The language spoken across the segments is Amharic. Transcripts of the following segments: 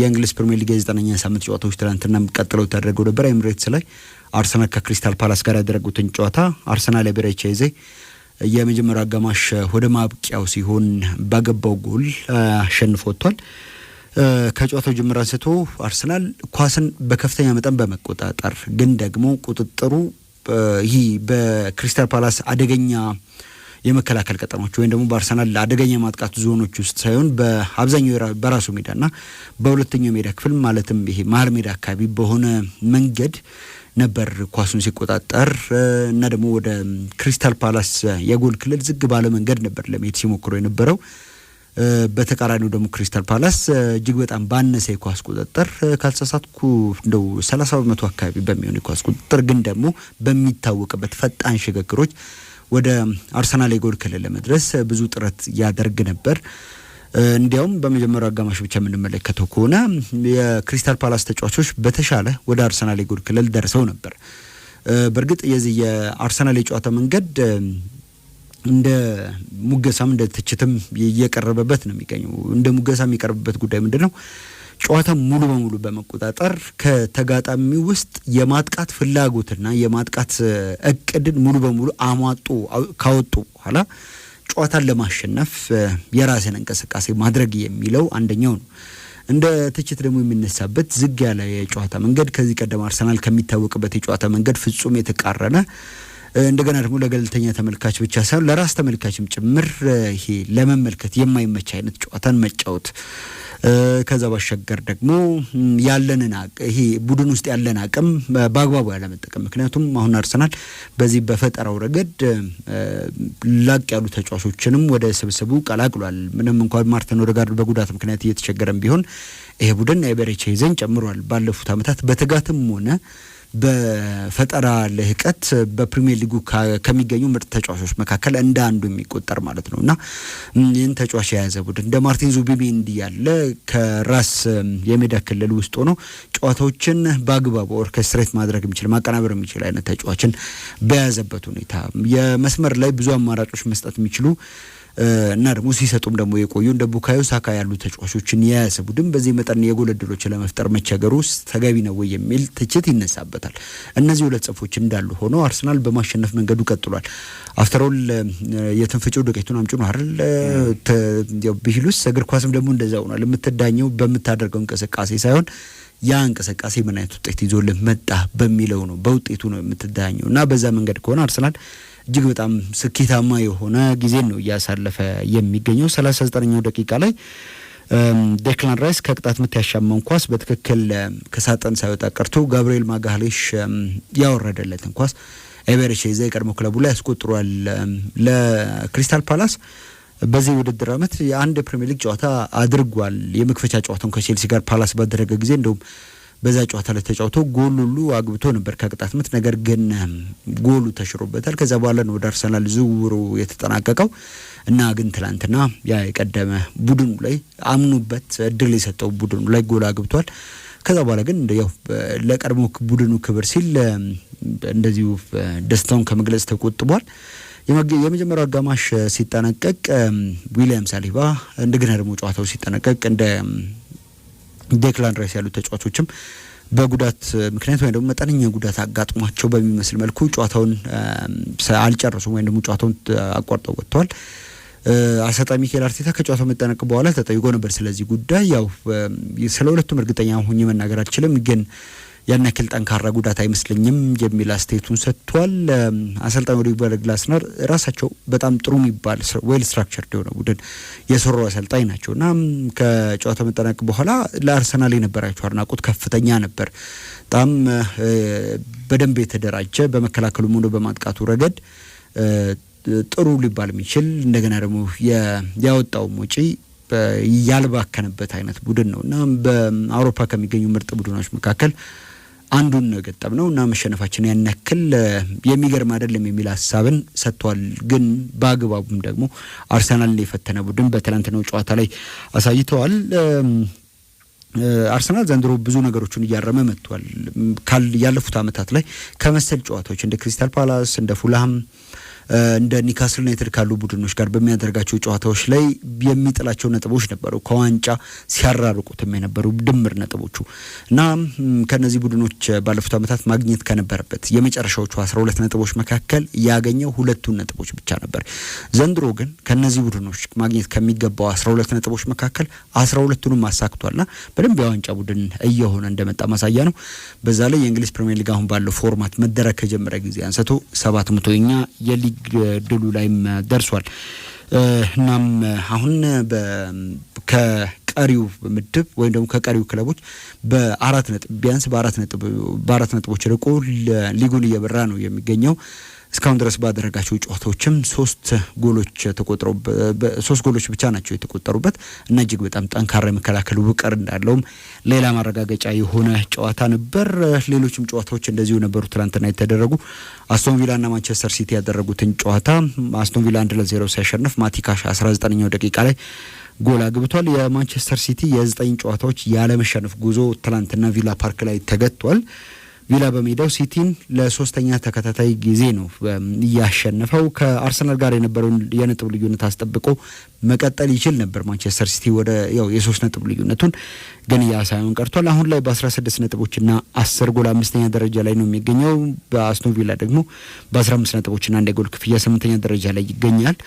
የእንግሊዝ ፕሪሚየር ሊግ የዘጠነኛ ሳምንት ጨዋታዎች ትናንትና ቀጥለው ተደረገው ነበር። ኤምሬትስ ላይ አርሰናል ከክሪስታል ፓላስ ጋር ያደረጉትን ጨዋታ አርሰናል የበሬቻ ይዜ የመጀመሪያው አጋማሽ ወደ ማብቂያው ሲሆን ባገባው ጎል አሸንፎ ወጥቷል። ከጨዋታው ጅምር አንስቶ አርሰናል ኳስን በከፍተኛ መጠን በመቆጣጠር ግን ደግሞ ቁጥጥሩ ይህ በክሪስታል ፓላስ አደገኛ የመከላከል ቀጠናዎች ወይም ደግሞ በአርሰናል አደገኛ ማጥቃት ዞኖች ውስጥ ሳይሆን በአብዛኛው በራሱ ሜዳና በሁለተኛው ሜዳ ክፍል ማለትም ይሄ መሀል ሜዳ አካባቢ በሆነ መንገድ ነበር ኳሱን ሲቆጣጠር እና ደግሞ ወደ ክሪስታል ፓላስ የጎል ክልል ዝግ ባለ መንገድ ነበር ለመሄድ ሲሞክሮ የነበረው። በተቃራኒው ደግሞ ክሪስታል ፓላስ እጅግ በጣም ባነሰ የኳስ ቁጥጥር ካልተሳሳትኩ እንደው ሰላሳ በመቶ አካባቢ በሚሆን የኳስ ቁጥጥር ግን ደግሞ በሚታወቅበት ፈጣን ሽግግሮች ወደ አርሰናል የጎል ክልል ለመድረስ ብዙ ጥረት ያደርግ ነበር። እንዲያውም በመጀመሪያው አጋማሽ ብቻ የምንመለከተው ከሆነ የክሪስታል ፓላስ ተጫዋቾች በተሻለ ወደ አርሰናል የጎል ክልል ደርሰው ነበር። በእርግጥ የዚህ የአርሰናል የጨዋታ መንገድ እንደ ሙገሳም እንደ ትችትም እየቀረበበት ነው የሚገኘው። እንደ ሙገሳ የሚቀርብበት ጉዳይ ምንድን ነው? ጨዋታን ሙሉ በሙሉ በመቆጣጠር ከተጋጣሚ ውስጥ የማጥቃት ፍላጎትና የማጥቃት እቅድን ሙሉ በሙሉ አሟጡ ካወጡ በኋላ ጨዋታን ለማሸነፍ የራስን እንቅስቃሴ ማድረግ የሚለው አንደኛው ነው። እንደ ትችት ደግሞ የሚነሳበት ዝግ ያለ የጨዋታ መንገድ ከዚህ ቀደም አርሰናል ከሚታወቅበት የጨዋታ መንገድ ፍጹም የተቃረነ እንደገና ደግሞ ለገለልተኛ ተመልካች ብቻ ሳይሆን ለራስ ተመልካችም ጭምር ይሄ ለመመልከት የማይመች አይነት ጨዋታን መጫወት ከዛ ባሻገር ደግሞ ያለንን ይሄ ቡድን ውስጥ ያለን አቅም በአግባቡ ያለመጠቀም። ምክንያቱም አሁን አርሰናል በዚህ በፈጠራው ረገድ ላቅ ያሉ ተጫዋቾችንም ወደ ስብስቡ ቀላቅሏል። ምንም እንኳን ማርቲን ኦዴጋርድ በጉዳት ምክንያት እየተቸገረም ቢሆን ይሄ ቡድን ኤቤሬቺ ይዘን ጨምሯል። ባለፉት ዓመታት በትጋትም ሆነ በፈጠራ ልህቀት በፕሪሚየር ሊጉ ከሚገኙ ምርጥ ተጫዋቾች መካከል እንደ አንዱ የሚቆጠር ማለት ነው እና ይህን ተጫዋች የያዘ ቡድን እንደ ማርቲን ዙቢሜንዲ ያለ ከራስ የሜዳ ክልል ውስጥ ሆኖ ጨዋታዎችን በአግባቡ ኦርኬስትሬት ማድረግ የሚችል ማቀናበር የሚችል አይነት ተጫዋችን በያዘበት ሁኔታ የመስመር ላይ ብዙ አማራጮች መስጠት የሚችሉ እና ደግሞ ሲሰጡም ደግሞ የቆዩ እንደ ቡካዮ ሳካ ያሉ ተጫዋቾችን የያዘ ቡድን በዚህ መጠን የጎል ለመፍጠር መቸገሩ ተገቢ ነው ወይ የሚል ትችት ይነሳበታል። እነዚህ ሁለት ጽፎች እንዳሉ ሆኖ አርሰናል በማሸነፍ መንገዱ ቀጥሏል። አፍተሮል የትንፍጭው ዱቄቱን አምጪ ነው አይደል ቢሉስ፣ እግር ኳስም ደግሞ እንደዛ ሆኗል። የምትዳኘው በምታደርገው እንቅስቃሴ ሳይሆን ያ እንቅስቃሴ ምን አይነት ውጤት ይዞልህ መጣ በሚለው ነው፣ በውጤቱ ነው የምትዳኘው እና በዛ መንገድ ከሆነ አርሰናል እጅግ በጣም ስኬታማ የሆነ ጊዜ ነው እያሳለፈ የሚገኘው። ሰላሳ ዘጠነኛው ደቂቃ ላይ ዴክላን ራይስ ከቅጣት ምት ያሻመን ኳስ በትክክል ከሳጥን ሳይወጣ ቀርቶ ጋብርኤል ማጋሌሽ ያወረደለትን ኳስ ኤቨሬሽ ዘ የቀድሞ ክለቡ ላይ ያስቆጥሯል። ለክሪስታል ፓላስ በዚህ የውድድር ዓመት የአንድ የፕሪሚየር ሊግ ጨዋታ አድርጓል። የመክፈቻ ጨዋታውን ከቼልሲ ጋር ፓላስ ባደረገ ጊዜ እንደውም በዛ ጨዋታ ላይ ተጫውቶ ጎል ሁሉ አግብቶ ነበር ከቅጣት ምት። ነገር ግን ጎሉ ተሽሮበታል። ከዛ በኋላ ነው ወደ አርሰናል ዝውውሩ የተጠናቀቀው እና ግን ትላንትና ያ የቀደመ ቡድኑ ላይ አምኑበት እድል የሰጠው ቡድኑ ላይ ጎል አግብቷል። ከዛ በኋላ ግን ያው ለቀድሞ ቡድኑ ክብር ሲል እንደዚሁ ደስታውን ከመግለጽ ተቆጥቧል። የመጀመሪያው አጋማሽ ሲጠናቀቅ ዊሊያም ሳሊባ እንደገና ደግሞ ጨዋታው ሲጠናቀቅ እንደ ዴክላን ራይስ ያሉት ተጫዋቾችም በጉዳት ምክንያት ወይም ደግሞ መጠነኛ ጉዳት አጋጥሟቸው በሚመስል መልኩ ጨዋታውን አልጨረሱም ወይም ደግሞ ጨዋታውን አቋርጠው ወጥተዋል። አሰልጣኝ ሚካኤል አርቴታ ከጨዋታው መጠናቀቅ በኋላ ተጠይቆ ነበር ስለዚህ ጉዳይ። ያው ስለ ሁለቱም እርግጠኛ ሆኜ መናገር አልችልም ግን ያን ያክል ጠንካራ ጉዳት አይመስለኝም የሚል አስተያየቱን ሰጥቷል። አሰልጣኝ ኦሊ ግላስነር ራሳቸው በጣም ጥሩ የሚባል ዌል ስትራክቸርድ የሆነ ቡድን የሰሩ አሰልጣኝ ናቸው እና ከጨዋታ መጠናቀቅ በኋላ ለአርሰናል የነበራቸው አድናቆት ከፍተኛ ነበር። በጣም በደንብ የተደራጀ በመከላከሉ ሆነ በማጥቃቱ ረገድ ጥሩ ሊባል የሚችል እንደገና ደግሞ ያወጣውም ውጪ ያልባከነበት አይነት ቡድን ነው እና በአውሮፓ ከሚገኙ ምርጥ ቡድኖች መካከል አንዱን ነገጠብ ነው እና መሸነፋችን ያን ያክል የሚገርም አይደለም የሚል ሀሳብን ሰጥቷል። ግን በአግባቡም ደግሞ አርሰናልን የፈተነ ቡድን በትላንትናው ጨዋታ ላይ አሳይተዋል። አርሰናል ዘንድሮ ብዙ ነገሮችን እያረመ መጥቷል። ያለፉት ዓመታት ላይ ከመሰል ጨዋታዎች እንደ ክሪስታል ፓላስ እንደ ፉልሃም እንደ ኒካስል ዩናይትድ ካሉ ቡድኖች ጋር በሚያደርጋቸው ጨዋታዎች ላይ የሚጥላቸው ነጥቦች ነበሩ፣ ከዋንጫ ሲያራርቁትም የነበሩ ድምር ነጥቦቹ እና ከነዚህ ቡድኖች ባለፉት ዓመታት ማግኘት ከነበረበት የመጨረሻዎቹ 12 ነጥቦች መካከል ያገኘው ሁለቱን ነጥቦች ብቻ ነበር። ዘንድሮ ግን ከነዚህ ቡድኖች ማግኘት ከሚገባው 12 ነጥቦች መካከል 12ቱንም አሳክቷልና በደንብ የዋንጫ ቡድን እየሆነ እንደመጣ ማሳያ ነው። በዛ ላይ የእንግሊዝ ፕሪሚየር ሊግ አሁን ባለው ፎርማት መደረግ ከጀመረ ጊዜ አንስቶ ሰባት መቶኛ የሊግ ድሉ ላይም ደርሷል። እናም አሁን ከቀሪው ምድብ ወይም ደግሞ ከቀሪው ክለቦች በአራት ነጥብ ቢያንስ በአራት ነጥቦች ርቆ ሊጉን እየበራ ነው የሚገኘው። እስካሁን ድረስ ባደረጋቸው ጨዋታዎችም ሶስት ጎሎች ተቆጥረው ሶስት ጎሎች ብቻ ናቸው የተቆጠሩበት እና እጅግ በጣም ጠንካራ የመከላከል ውቅር እንዳለውም ሌላ ማረጋገጫ የሆነ ጨዋታ ነበር። ሌሎችም ጨዋታዎች እንደዚሁ ነበሩ ትናንትና የተደረጉ። አስቶን ቪላና ማንቸስተር ሲቲ ያደረጉትን ጨዋታ አስቶን ቪላ አንድ ለዜሮ ሲያሸንፍ ማቲካሽ 19ኛው ደቂቃ ላይ ጎል አግብቷል። የማንቸስተር ሲቲ የዘጠኝ ጨዋታዎች ያለመሸነፍ ጉዞ ትናንትና ቪላ ፓርክ ላይ ተገጥቷል። ቪላ በሜዳው ሲቲን ለሶስተኛ ተከታታይ ጊዜ ነው እያሸነፈው። ከአርሰናል ጋር የነበረውን የነጥብ ልዩነት አስጠብቆ መቀጠል ይችል ነበር ማንቸስተር ሲቲ ወደ ያው የሶስት ነጥብ ልዩነቱን ግን ያ ሳይሆን ቀርቷል። አሁን ላይ በ16 ነጥቦችና 10 ጎል አምስተኛ ደረጃ ላይ ነው የሚገኘው። በአስቶን ቪላ ደግሞ በ15 ነጥቦችና አንድ ጎል ክፍያ ስምንተኛ ደረጃ ላይ ይገኛል።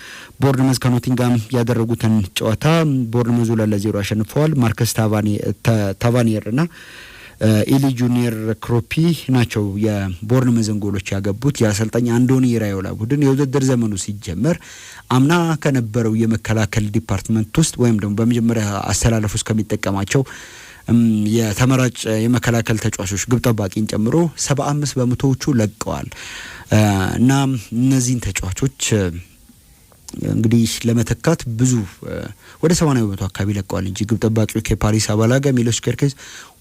ቦርንመዝ ከኖቲንጋም ያደረጉትን ጨዋታ ቦርንመዙ ለዜሮ አሸንፈዋል። ማርከስ ታቫኒየር እና ኢሊ ጁኒየር ክሮፒ ናቸው የቦርንመዝን ጎሎች ያገቡት። የአሰልጣኝ አንዶኒ ራዮላ ቡድን የውድድር ዘመኑ ሲጀመር አምና ከነበረው የመከላከል ዲፓርትመንት ውስጥ ወይም ደግሞ በመጀመሪያ አሰላለፍ ውስጥ ከሚጠቀማቸው የተመራጭ የመከላከል ተጫዋቾች ግብ ጠባቂን ጨምሮ ሰባ አምስት በመቶዎቹ ለቀዋል እና እነዚህን ተጫዋቾች እንግዲህ ለመተካት ብዙ ወደ ሰማንያ በመቶ አካባቢ ለቀዋል እንጂ ግብ ጠባቂው ከፓሪስ አባላጋ ሚሎስ ኬርኬዝ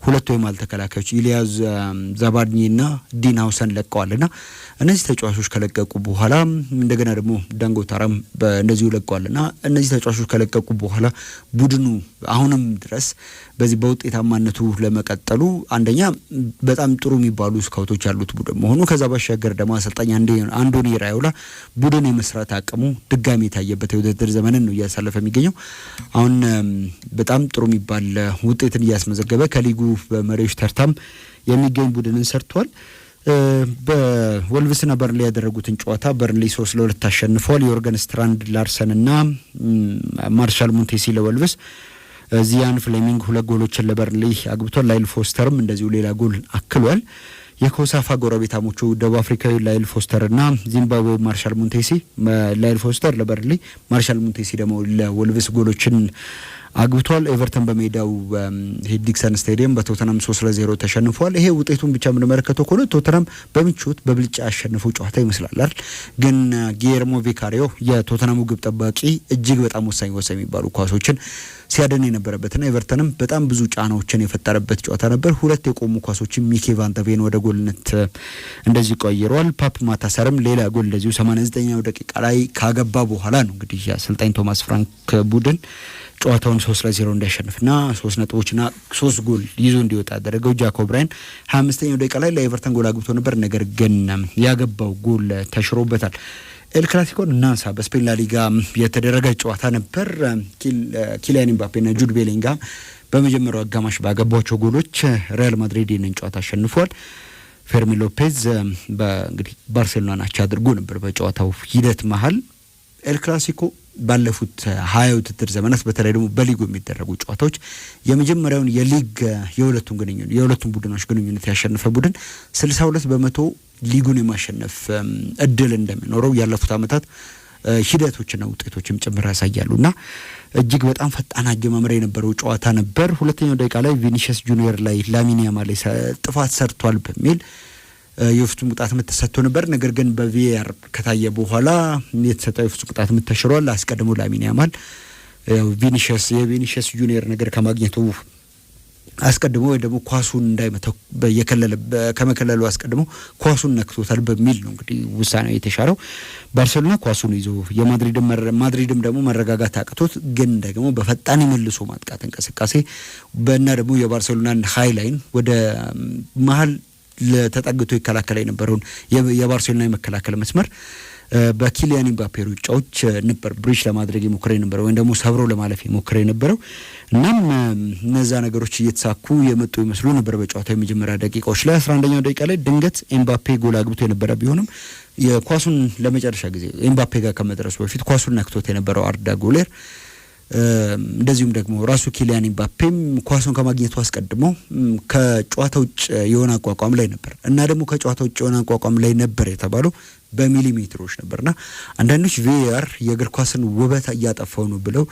ሁለት ወይም አልተከላካዮች ኢሊያ እና ዲን ሀውሰን ለቀዋል እና እነዚህ ተጫዋቾች ከለቀቁ በኋላ እንደገና ደግሞ ዳንጎታራም እንደዚሁ ለቀዋል እና እነዚህ ተጫዋቾች ከለቀቁ በኋላ ቡድኑ አሁንም ድረስ በዚህ በውጤታማነቱ ለመቀጠሉ አንደኛ በጣም ጥሩ የሚባሉ ስካውቶች ያሉት ቡድን መሆኑ ከዛ ባሻገር ደግሞ አሰልጣኝ አንዶኒ ራዮላ ቡድን የመስራት አቅሙ ድጋሚ የታየበት የውድድር ዘመንን ነው እያሳለፈ የሚገኘው። አሁን በጣም ጥሩ የሚባል ውጤትን እያስመዘገበ ከሊጉ በመሪዎች ተርታም የሚገኝ ቡድንን ሰርቷል። በወልቭስና በርንሌ ያደረጉትን ጨዋታ በርንሌ ሶስት ለሁለት አሸንፈዋል። የኦርገን ስትራንድ ላርሰን እና ማርሻል ሞንቴሲ ለወልቭስ፣ ዚያን ፍሌሚንግ ሁለት ጎሎችን ለበርንሌ አግብቷል። ላይል ፎስተርም እንደዚሁ ሌላ ጎል አክሏል። የኮሳፋ ጎረቤታሞቹ ደቡብ አፍሪካዊ ላይል ፎስተር እና ዚምባብዌ ማርሻል ሙንቴሲ ላይል ፎስተር ለበርንሌ፣ ማርሻል ሙንቴሲ ደግሞ ለወልቭስ ጎሎችን አግብቷል። ኤቨርተን በሜዳው ሄድ ስታዲየም በቶተናም በቶተናም ሶስት ለዜሮ ተሸንፏል። ይሄ ውጤቱን ብቻ የምንመለከተው ከሆነ ቶተናም በምቾት በብልጫ ያሸንፈው ጨዋታ ይመስላላል። ግን ጊየርሞ ቪካሪዮ የቶተናሙ ግብ ጠባቂ እጅግ በጣም ወሳኝ ወሳኝ የሚባሉ ኳሶችን ሲያደን የነበረበትና ኤቨርተንም በጣም ብዙ ጫናዎችን የፈጠረበት ጨዋታ ነበር። ሁለት የቆሙ ኳሶችን ሚኬ ቫንተቬን ወደ ጎልነት እንደዚህ ቀይረዋል። ፓፕ ማታሰርም ሌላ ጎል እንደዚሁ 89ኛው ደቂቃ ላይ ካገባ በኋላ ነው እንግዲህ አሰልጣኝ ቶማስ ፍራንክ ቡድን ጨዋታውን ሶስት ለዜሮ እንዲያሸንፍና ሶስት ነጥቦችና ሶስት ጎል ይዞ እንዲወጣ ያደረገው ጃኮብ ብራይን ሀያ አምስተኛው ደቂቃ ላይ ለኤቨርተን ጎል አግብቶ ነበር። ነገር ግን ያገባው ጎል ተሽሮበታል። ኤል ክላሲኮን እናንሳ። በስፔን ላሊጋ የተደረገ ጨዋታ ነበር። ኪሊያን ኤምባፔና ጁድ ቤሊንግሃም በመጀመሪያው አጋማሽ ባገቧቸው ጎሎች ሪያል ማድሪድ ይህንን ጨዋታ አሸንፏል። ፌርሚን ሎፔዝ በእንግዲህ ባርሴሎና አቻ አድርጎ ነበር በጨዋታው ሂደት መሀል ኤል ክላሲኮ ባለፉት ሀያ ውድድር ዘመናት በተለይ ደግሞ በሊጉ የሚደረጉ ጨዋታዎች የመጀመሪያውን የሊግ የሁለቱን ግንኙነት የሁለቱን ቡድኖች ግንኙነት ያሸነፈ ቡድን ስልሳ ሁለት በመቶ ሊጉን የማሸነፍ እድል እንደሚኖረው ያለፉት ዓመታት ሂደቶችና ውጤቶችም ጭምር ያሳያሉ እና እጅግ በጣም ፈጣን አጀማመር የነበረው ጨዋታ ነበር። ሁለተኛው ደቂቃ ላይ ቪኒሽስ ጁኒየር ላይ ላሚን ያማል ጥፋት ሰርቷል በሚል የፍጹም ቅጣት ምት ተሰጥቶ ነበር። ነገር ግን በቪኤአር ከታየ በኋላ የተሰጠው የፍጹም ቅጣት ምት ተሽሯል። አስቀድሞ ላሚን ያማል ቪኒሽስ የቪኒሽስ ጁኒየር ነገር ከማግኘቱ አስቀድሞ ወይ ደግሞ ኳሱን እንዳይመተው የከለለ ከመከለሉ አስቀድሞ ኳሱን ነክቶታል በሚል ነው እንግዲህ ውሳኔው የተሻረው። ባርሴሎና ኳሱን ይዞ የማድሪድ ማድሪድም ደግሞ መረጋጋት አቅቶት ግን ደግሞ በፈጣን የመልሶ ማጥቃት እንቅስቃሴ በእና ደግሞ የባርሴሎናን ሀይ ላይን ወደ መሀል ተጠግቶ ይከላከል የነበረውን የባርሴሎና የመከላከል መስመር በኪሊያን ኢምባፔ ሩጫዎች ነበር ብሪጅ ለማድረግ የሞክረ የነበረው ወይም ደግሞ ሰብሮ ለማለፍ የሞክረ የነበረው። እናም እነዛ ነገሮች እየተሳኩ የመጡ ይመስሉ ነበር። በጨዋታው የመጀመሪያ ደቂቃዎች ላይ አስራ አንደኛው ደቂቃ ላይ ድንገት ኤምባፔ ጎል አግብቶ የነበረ ቢሆንም የኳሱን ለመጨረሻ ጊዜ ኤምባፔ ጋር ከመድረሱ በፊት ኳሱን ነክቶት የነበረው አርዳ ጉሌር እንደዚሁም ደግሞ ራሱ ኪሊያን ኢምባፔም ኳሱን ከማግኘቱ አስቀድሞ ከጨዋታ ውጭ የሆነ አቋቋም ላይ ነበር እና ደግሞ ከጨዋታ ውጭ የሆነ አቋቋም ላይ ነበር የተባለው በሚሊሜትሮች ነበርና አንዳንዶች ቪር የእግር ኳስን ውበት እያጠፋው ነው ብለው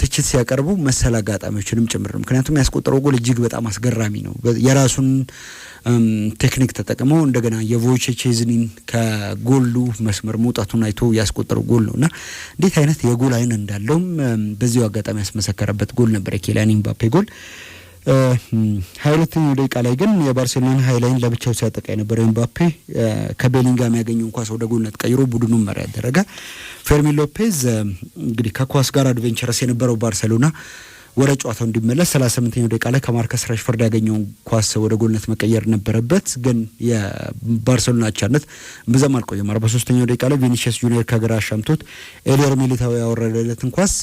ትችት ሲያቀርቡ መሰል አጋጣሚዎችንም ጭምር ነው። ምክንያቱም ያስቆጠረው ጎል እጅግ በጣም አስገራሚ ነው። የራሱን ቴክኒክ ተጠቅመው እንደገና የቮቼቼዝኒን ከጎሉ መስመር መውጣቱን አይቶ ያስቆጠረው ጎል ነው እና እንዴት አይነት የጎል አይን እንዳለውም በዚሁ አጋጣሚ ያስመሰከረበት ጎል ነበር የኬሊያን ኢምባፔ ጎል። ሀያ ደቂቃ ላይ ግን የባርሴሎና ሀይላይን ለብቻው ሲያጠቃ የነበረው ኤምባፔ ከቤሊንጋም ያገኘውን ኳስ ወደ ጎልነት ቀይሮ ቡድኑን መሪ ያደረገ ፌርሚን ሎፔዝ እንግዲህ ከኳስ ጋር አድቬንቸረስ የነበረው ባርሴሎና ወደ ጨዋታው እንዲመለስ 38ኛው ደቂቃ ላይ ከማርከስ ራሽፈርድ ያገኘውን ኳስ ወደ ጎልነት መቀየር ነበረበት፣ ግን የባርሰሎና አቻነት ብዛም አልቆየም። 43ኛው ደቂቃ ላይ ቪኒሲየስ ጁኒየር ከግራ አሻምቶት ኤሊየር ሚሊታዊ ያወረደለትን ኳስ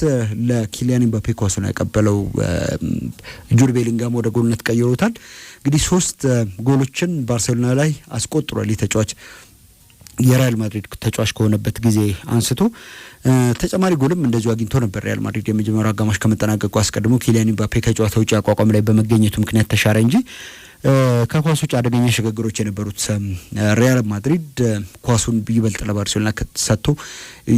ለኪሊያን ኤምባፔ ኳሱን ያቀበለው ጁድ ቤሊንጋም ወደ ጎልነት ቀይሮታል። እንግዲህ ሶስት ጎሎችን ባርሴሎና ላይ አስቆጥሯል የተጫዋች የሪያል ማድሪድ ተጫዋች ከሆነበት ጊዜ አንስቶ ተጨማሪ ጎልም እንደዚሁ አግኝቶ ነበር። ሪያል ማድሪድ የመጀመሪያው አጋማሽ ከመጠናቀቁ አስቀድሞ ኪሊያን ምባፔ ከጨዋታ ውጭ አቋቋም ላይ በመገኘቱ ምክንያት ተሻረ እንጂ ከኳስ ውጭ አደገኛ ሽግግሮች የነበሩት ሪያል ማድሪድ ኳሱን ይበልጥ ለባርሴሎና ሰጥቶ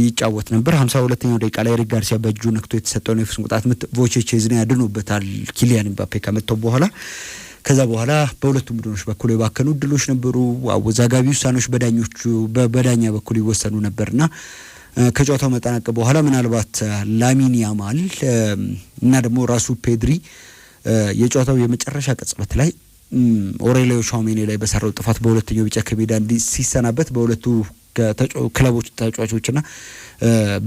ይጫወት ነበር። ሀምሳ ሁለተኛው ደቂቃ ላይ ኤሪክ ጋርሲያ በእጁ ነክቶ የተሰጠውን የፍጹም ቅጣት ምት ቮቼቼዝን ያድኖበታል። ኪሊያን ኢምባፔ ከመጥተው በኋላ ከዛ በኋላ በሁለቱም ቡድኖች በኩል የባከኑ እድሎች ነበሩ። አወዛጋቢ ውሳኔዎች በዳኞቹ በዳኛ በኩል ይወሰኑ ነበርና ከጨዋታው መጠናቀቅ በኋላ ምናልባት ላሚን ያማል እና ደግሞ ራሱ ፔድሪ የጨዋታው የመጨረሻ ቅጽበት ላይ ኦሬሊዮ ሻውሜኔ ላይ በሰራው ጥፋት በሁለተኛው ቢጫ ከሜዳ ሲሰናበት በሁለቱ ክለቦች ተጫዋቾችና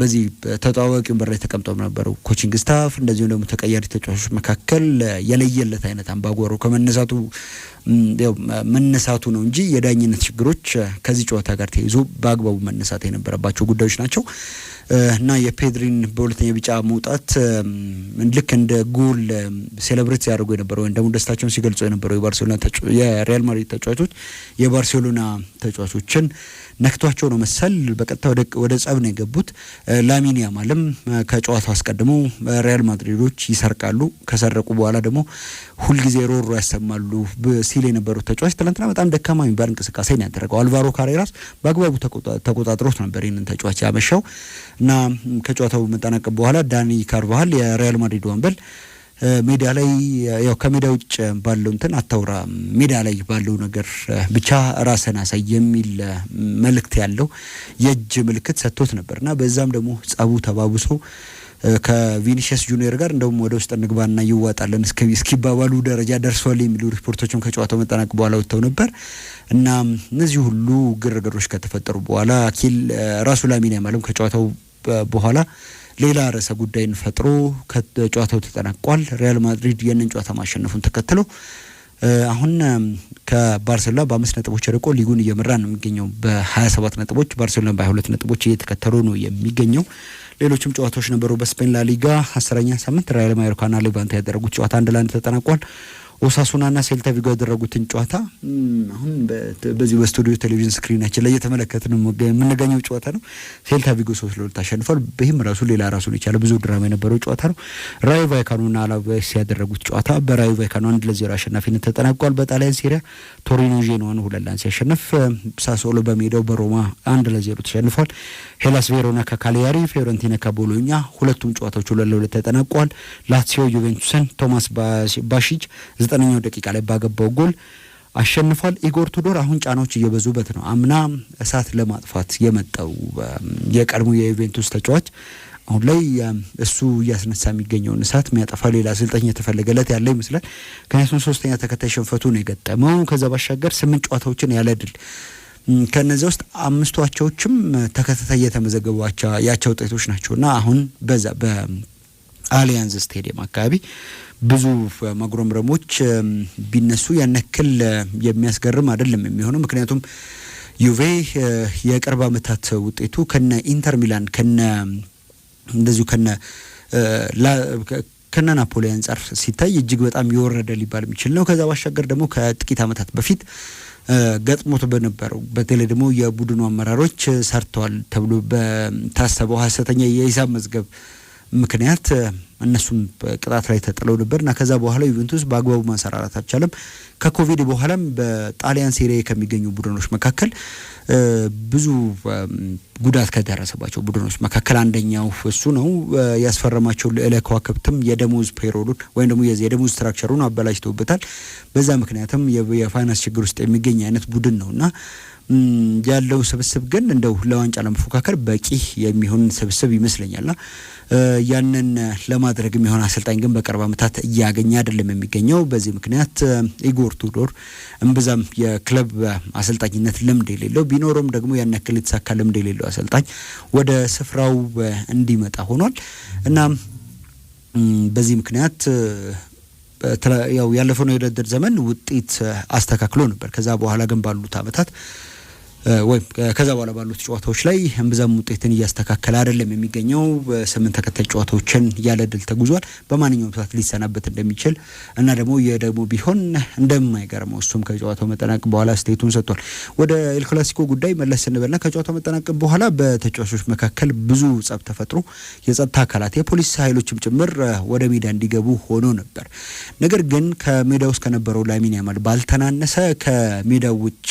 በዚህ ተጠዋዋቂ ወንበር ላይ ተቀምጠው ነበሩ። ኮችንግ ስታፍ እንደዚሁም ደግሞ ተቀያሪ ተጫዋቾች መካከል የለየለት አይነት አምባጓሮ ከመነሳቱ መነሳቱ ነው እንጂ የዳኝነት ችግሮች ከዚህ ጨዋታ ጋር ተይዞ በአግባቡ መነሳት የነበረባቸው ጉዳዮች ናቸው። እና የፔድሪን በሁለተኛ ቢጫ መውጣት ልክ እንደ ጎል ሴሌብሬት ሲያደርጉ የነበረው ወይም ደግሞ ደስታቸውን ሲገልጹ የነበረው የባርሴሎና የሪያል ማድሪድ ተጫዋቾች የባርሴሎና ተጫዋቾችን ነክቷቸው ነው መሰል በቀጥታ ወደ ጸብ ነው የገቡት። ላሚን ያማልም ከጨዋታው አስቀድሞ ሪያል ማድሪዶች ይሰርቃሉ፣ ከሰረቁ በኋላ ደግሞ ሁልጊዜ ሮሮ ያሰማሉ ሲል የነበሩት ተጫዋች ትላንትና በጣም ደካማ የሚባል እንቅስቃሴ ነው ያደረገው። አልቫሮ ካሬራስ በአግባቡ ተቆጣጥሮት ነበር ይህንን ተጫዋች ያመሻው። እና ከጨዋታው መጠናቀቅ በኋላ ዳኒ ካርቫሃል የሪያል ማድሪድ ወንበል ሜዳ ላይ ያው ከሜዳ ውጭ ባለው እንትን አታውራ፣ ሜዳ ላይ ባለው ነገር ብቻ ራስን አሳይ የሚል መልእክት ያለው የእጅ ምልክት ሰጥቶት ነበር እና በዛም ደግሞ ጸቡ ተባብሶ ከቪኒሽስ ጁኒየር ጋር እንደውም ወደ ውስጥ እንግባና ይዋጣለን እስኪባባሉ ደረጃ ደርሷል የሚሉ ሪፖርቶችን ከጨዋታው መጠናቀቅ በኋላ ወጥተው ነበር እና እነዚህ ሁሉ ግርግሮች ከተፈጠሩ በኋላ ኪል ራሱ ላሚን ያማልም ከጨዋታው በኋላ ሌላ ርዕሰ ጉዳይን ፈጥሮ ጨዋታው ተጠናቋል። ሪያል ማድሪድ ይህንን ጨዋታ ማሸነፉን ተከትሎ አሁን ከባርሴሎና በአምስት ነጥቦች ርቆ ሊጉን እየመራ ነው የሚገኘው በ27 ነጥቦች። ባርሴሎና በ22 ነጥቦች እየተከተሉ ነው የሚገኘው። ሌሎችም ጨዋታዎች ነበሩ። በስፔን ላሊጋ አስረኛ ሳምንት ሪያል ማዮርካና ሌቫንታ ያደረጉት ጨዋታ አንድ ለአንድ ተጠናቋል። ኦሳሱናና ሴልታ ቪጎ ያደረጉትን ጨዋታ አሁን በዚህ በስቱዲዮ ቴሌቪዥን ስክሪናችን ላይ እየተመለከትን የምንገኘው ጨዋታ ነው። ሴልታ ቪጎ ሶስት ለሁለት አሸንፏል። ይህም ራሱ ሌላ ራሱን የቻለ ብዙ ድራማ የነበረው ጨዋታ ነው። ራዮ ቫይካኖና አላቬስ ያደረጉት ጨዋታ በራዮ ቫይካኖ አንድ ለዜሮ አሸናፊነት ተጠናቋል። በጣሊያን ሴሪያ ቶሪኖ ዤኖዋን ሁለት ለአንድ ሲያሸንፍ፣ ሳሶሎ በሜዳው በሮማ አንድ ለዜሮ ተሸንፏል። ሄላስ ቬሮና ከካሊያሪ፣ ፊዮረንቲና ከቦሎኛ ሁለቱም ጨዋታዎች ሁለት ለሁለት ተጠናቋል። ላሲዮ ዩቬንቱስን ቶማስ ባሺጅ ዘጠነኛው ደቂቃ ላይ ባገባው ጎል አሸንፏል። ኢጎር ቱዶር አሁን ጫናዎች እየበዙበት ነው። አምና እሳት ለማጥፋት የመጣው የቀድሞ የዩቬንቱስ ተጫዋች አሁን ላይ እሱ እያስነሳ የሚገኘውን እሳት የሚያጠፋ ሌላ አሰልጣኝ የተፈለገለት ያለ ይመስላል። ምክንያቱም ሶስተኛ ተከታይ ሽንፈቱ ነው የገጠመው። ከዛ ባሻገር ስምንት ጨዋታዎችን ያለ ድል ውስጥ አምስቱ አቻዎችም ተከታታይ የተመዘገቧቸው ያቻ ውጤቶች ናቸው እና አሁን በዛ አሊያንዝ ስቴዲየም አካባቢ ብዙ መጉረምረሞች ቢነሱ ያነክል የሚያስገርም አይደለም የሚሆነው። ምክንያቱም ዩቬ የቅርብ ዓመታት ውጤቱ ከነ ኢንተር ሚላን ከነ እንደዚሁ ከነ ከነ ናፖሊ አንጻር ሲታይ እጅግ በጣም የወረደ ሊባል የሚችል ነው። ከዛ ባሻገር ደግሞ ከጥቂት ዓመታት በፊት ገጥሞት በነበረው በተለይ ደግሞ የቡድኑ አመራሮች ሰርተዋል ተብሎ በታሰበው ሀሰተኛ የሂሳብ መዝገብ ምክንያት እነሱም ቅጣት ላይ ተጥለው ነበር እና ከዛ በኋላ ዩቬንቱስ በአግባቡ መንሰራራት አልቻለም። ከኮቪድ በኋላም በጣሊያን ሴሪያ ከሚገኙ ቡድኖች መካከል ብዙ ጉዳት ከደረሰባቸው ቡድኖች መካከል አንደኛው እሱ ነው። ያስፈረማቸው ልዕለ ከዋክብትም የደሞዝ ፔሮሉን ወይም ደግሞ የደሞዝ ስትራክቸሩን አበላሽተውበታል። በዛ ምክንያትም የፋይናንስ ችግር ውስጥ የሚገኝ አይነት ቡድን ነው እና ያለው ስብስብ ግን እንደው ለዋንጫ ለመፎካከር በቂ የሚሆን ስብስብ ይመስለኛልና ያንን ለማድረግ የሚሆን አሰልጣኝ ግን በቅርብ ዓመታት እያገኘ አይደለም የሚገኘው። በዚህ ምክንያት ኢጎር ቱዶር እምብዛም የክለብ አሰልጣኝነት ልምድ የሌለው ቢኖረውም ደግሞ ያን ያክል የተሳካ ልምድ የሌለው አሰልጣኝ ወደ ስፍራው እንዲመጣ ሆኗል እና በዚህ ምክንያት ያው ያለፈው የውድድር ዘመን ውጤት አስተካክሎ ነበር። ከዛ በኋላ ግን ባሉት ዓመታት ወይም ከዛ በኋላ ባሉት ጨዋታዎች ላይ እምብዛም ውጤትን እያስተካከለ አይደለም የሚገኘው። ስምንት ተከታይ ጨዋታዎችን ያለ ድል ተጉዟል። በማንኛውም ሰዓት ሊሰናበት እንደሚችል እና ደግሞ የደግሞ ቢሆን እንደማይገርመው እሱም ከጨዋታው መጠናቀቅ በኋላ አስተያየቱን ሰጥቷል። ወደ ኤል ክላሲኮ ጉዳይ መለስ ስንበልና ከጨዋታው መጠናቀቅ በኋላ በተጫዋቾች መካከል ብዙ ጸብ ተፈጥሮ የጸጥታ አካላት የፖሊስ ኃይሎችም ጭምር ወደ ሜዳ እንዲገቡ ሆኖ ነበር። ነገር ግን ከሜዳ ውስጥ ከነበረው ላሚን ያማል ባልተናነሰ ከሜዳው ውጭ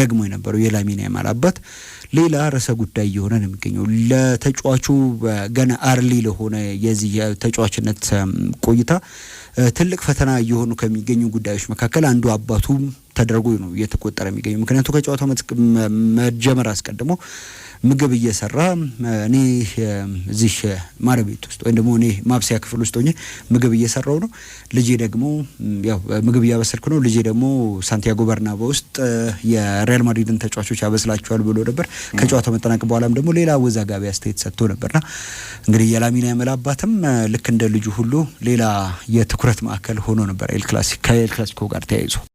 ደግሞ የነበረው ሌላ ሚና የማላባት ሌላ ርዕሰ ጉዳይ እየሆነ ነው የሚገኘው። ለተጫዋቹ ገና አርሊ ለሆነ የዚህ የተጫዋችነት ቆይታ ትልቅ ፈተና እየሆኑ ከሚገኙ ጉዳዮች መካከል አንዱ አባቱ ተደርጎ ነው እየተቆጠረ የሚገኙ ምክንያቱ ከጨዋታው መጀመር አስቀድሞ ምግብ እየሰራ እኔ እዚህ ማረ ቤት ውስጥ ወይም ደግሞ እኔ ማብሰያ ክፍል ውስጥ ሆኜ ምግብ እየሰራው ነው። ልጄ ደግሞ ያው ምግብ እያበሰልኩ ነው። ልጄ ደግሞ ሳንቲያጎ በርናባ ውስጥ የሪያል ማድሪድን ተጫዋቾች ያበስላቸዋል ብሎ ነበር። ከጨዋታው መጠናቀቅ በኋላም ደግሞ ሌላ አወዛጋቢ አስተያየት ሰጥቶ ነበርና እንግዲህ የላሚን ያማል አባትም ልክ እንደ ልጁ ሁሉ ሌላ የትኩረት ማዕከል ሆኖ ነበር ኤል ክላሲኮ ከኤል ክላሲኮ ጋር ተያይዞ